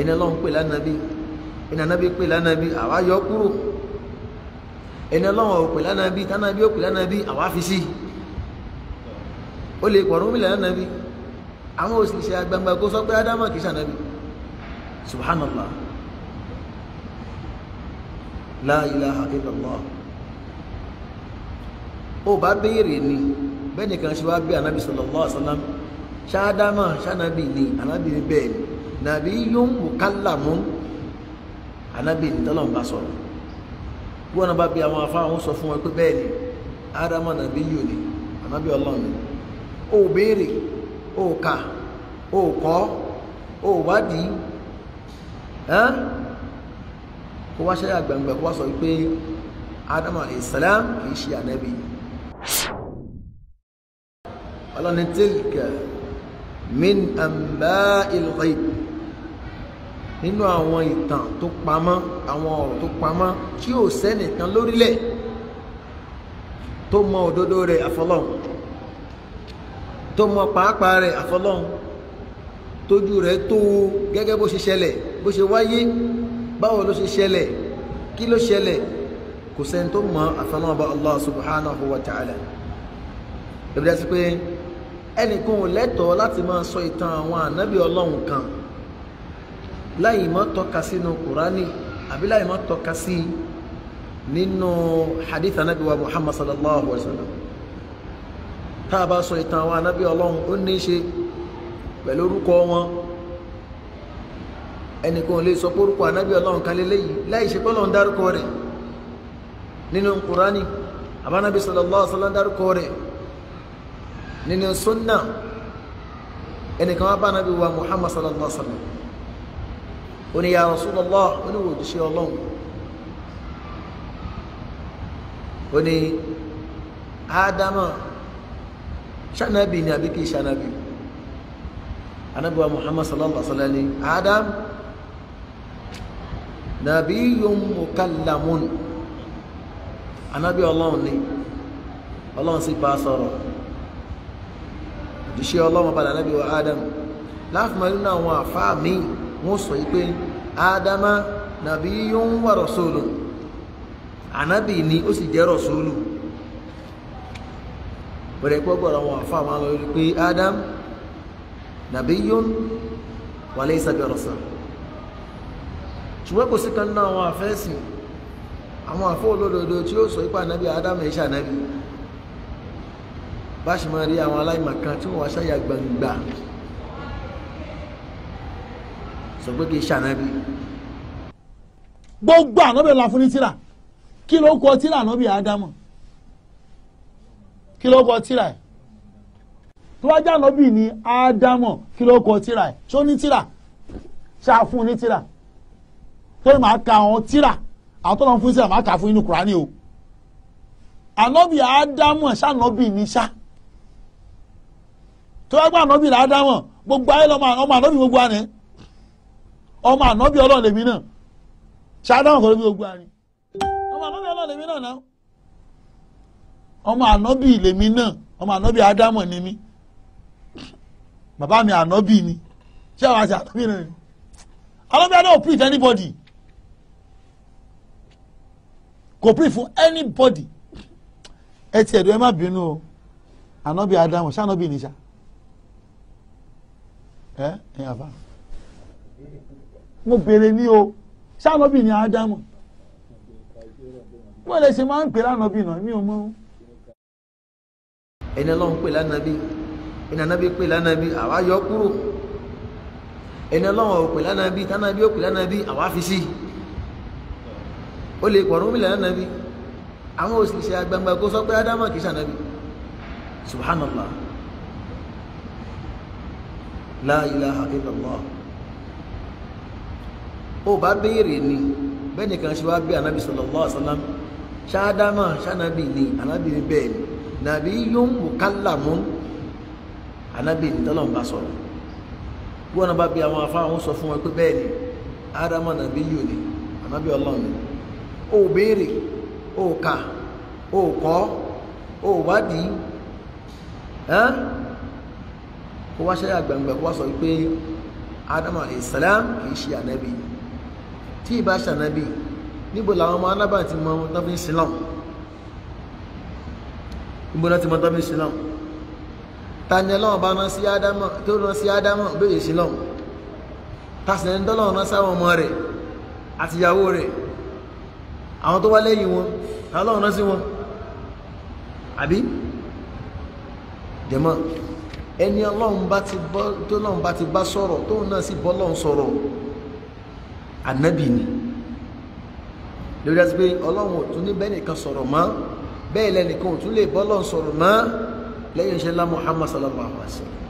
ẹni ọlọ́run pè lánàbí ẹni ànábí pè lánàbí àwa yọ kúrò ẹni ọlọ́run ò pè lánàbí tánàbí ò pè lánàbí àwa fi sí ó lè pọ̀ rúmìlà lánàbí àwọn òṣìṣẹ́ agbangba kó sọ pé ádámà kìí sànàbí subhanallah la ilaha illallah ó bá béèrè ni bẹ́ẹ̀ nìkan ṣe wá bí anábì sallallahu alaihi wasallam ṣáádámà ṣánábì ni anábì bẹ́ẹ̀ ni nàbí yóò mú kálàmú anábì tọ́lọ̀ ń bá sọ̀rọ̀ bí wọ́n bá bí àwọn afáwọn sọ fún wọn pé bẹ́ẹ̀ ni ádámà nàbí yóò ni anábì ọlọ́run ni ó béèrè ó kà ó kọ́ ó wádìí kó wá ṣẹ́yà gbàngbà kó wá sọ pé ádámà ìsàlám kìí ṣe anábì ọlọ́ni tilka min àmbá ìlú nínú àwọn ìtàn tó pamọ́ àwọn ọ̀rọ̀ tó pamọ́ tí ò sẹ́nìkan lórílẹ̀ tó mọ òdodo rẹ̀ àfọlọ́hún tó mọ pàápàá rẹ̀ àfọlọ́hún tójú rẹ̀ tó gẹ́gẹ́ bó ṣe ṣẹlẹ̀ bó ṣe wáyé báwo ló ṣe ṣẹlẹ̀ kí ló ṣẹlẹ̀ kò sẹ́ni tó mọ àfọlọ́hún bá Allah subhanahu wa ta'ala ìbílẹ̀ sí pé ẹnìkan ò lẹ́tọ̀ọ́ láti máa sọ ìtàn àwọn ànábì ọlọ́run kan láì mọ́ tọ́ka sínú kùránì àbí láì mọ́ tọ́ka sí nínú hadith anabi wa muhammad sallallahu alaihi wa sallam tá a bá sọ ìtàn àwọn anabi ọlọ́run ó ní í ṣe pẹ̀lú orúkọ wọn ẹnìkan ò lè sọ pé orúkọ anabi ọlọ́run kan lélẹ́yìí láì ṣe pé ọlọ́run dárúkọ rẹ̀ nínú kùránì àbánabi sallallahu alaihi wa sallam dárúkọ rẹ̀ nínú sunna ẹnìkan wá bá anabi wa muhammad sallallahu alaihi wa sallam oníyà Rasulullah oníwò òjíṣẹ́ ọlọ́run ó ní ádámà ṣànàbì ni àbí kìí ṣànàbì anábíwá Muhammad sallallahu alaihi wa sallam ádám nabiyyun mukallamun anábí ọlọ́run ni ọlọ́run sì bá sọ̀rọ̀ òjíṣẹ́ ọlọ́run padà anábíwá ádám láàfin mọ́ nínú àwọn àfáà míì wọ́n sọ yìí pé ádámà nabiyyun wa rasulun ànábì ni ó sì jẹ́ rọ̀sọ́lù bẹ̀rẹ̀ pé gbọ́dọ̀ àwọn àfa máa lọ rí pé ádám nabiyyun wa laysa bi rasul ṣùgbọ́n kò sí kan náà àwọn àfẹ́sìn àwọn àfọ́ olódodo tí ó sọ ipá ànábì ádám ẹ̀ ṣànábì bá ṣe máa rí àwọn aláìmọ̀kan tí wọ́n wá ṣáyà gbangba sọ pé kì í ṣànábì. gbogbo ànábì la fún ní tíra kí ló kọ tíra ànábì ádámù kí ló kọ tíra ẹ̀ tó bá jẹ́ ànábì ní ádámù kí ló kọ tíra ẹ̀ ṣó ní tíra ṣáfún ní tíra tó ní máa ka àwọn tíra àwọn tó lọ fún tíra máa kà fún inú kùránì o ànábì ádámù ṣànábì ní ṣá tó bá gbọ́ ànábì ní ádámù gbogbo ayé lọ́mọ ànábì gbogbo àná. ọmọ ànábì ọlọ́run lèmi náà ṣáádáwọn kan ló bí àárín ọmọ ànábì ọlọ́run lèmi náà ọmọ ànábì lèmi náà ọmọ ádámọ̀ ni mí bàbá mi ànábì ni ṣé àwọn àti ànábì náà ni ànábì adé ò preach anybody kò preach fún anybody ẹ ti ẹ̀dùn ẹ má bínú o ànábì ádámọ̀ ṣé ni ṣá ẹ ẹ yàrá. mo béèrè ní o sáànọ́bì ni ádámù wọ́n lè ṣe máa ń pè lánàbì náà mi ò mọ̀. ẹni ọlọ́run pè lánàbì ẹni ànábì pè lánàbì àwa yọ kúrò ẹni ọlọ́run ò pè lánàbì tánàbì ò pè lánàbì àwa fi sí o lè pọ̀ rúmi lánàbì àwọn òṣìṣẹ́ agbangba kó sọ pé ádámù kì í ṣànàbì subhanallah la ilaha illallah ó bá béèrè ni bẹ́ẹ̀ nìkan ṣe wá bí anábì sallallahu alaihi wasallam ṣáádámà ṣánábì ni anábì ni bẹ́ẹ̀ ni nàbí yóò mú kálàmú anábì ni tọ́lọ̀ ń bá sọ̀rọ̀ bí wọn bá bí àwọn afá àwọn sọ fún wọn pé bẹ́ẹ̀ ni ádámà nàbí yóò ni anábì ọlọ́run ni ó béèrè ó kà ó kọ́ ó wádìí kó wá ṣẹ́yà gbàngbà kó wá sọ pé ádámà alayhi kì í ṣe anábì ni tí ìbá ṣànábì níbo làwọn ọmọ anábà ti mọ tọ́fin sílọ̀n níbo náà ti mọ tọ́fin sílọ̀n tani ọlọ́run bá rán sí ádámọ̀ tó rán sí ádámọ̀ béèrè sílọ̀n tàṣẹ̀ ń dọ́lọ́run rán sáwọn ọmọ rẹ̀ àtìyàwó rẹ̀ àwọn tó wá lẹ́yìn wọn ọlọ́run rán sí wọn àbí dẹ̀mọ́ ẹni ọlọ́run bá ti bá sọ̀rọ̀ tóun náà sì bọ́lọ́run sọ̀rọ̀ ànábì ni lórí dájú pé ọlọ́run ò tún ní bẹ́ẹ̀ nìkan sọ̀rọ̀ mọ́ bẹ́ẹ̀ lẹ́nìkan ò tún lè bọ́lọ́run sọ̀rọ̀ mọ́ lẹ́yìn iṣẹ́ ńlá Muhammad sallallahu alaihi wa sallam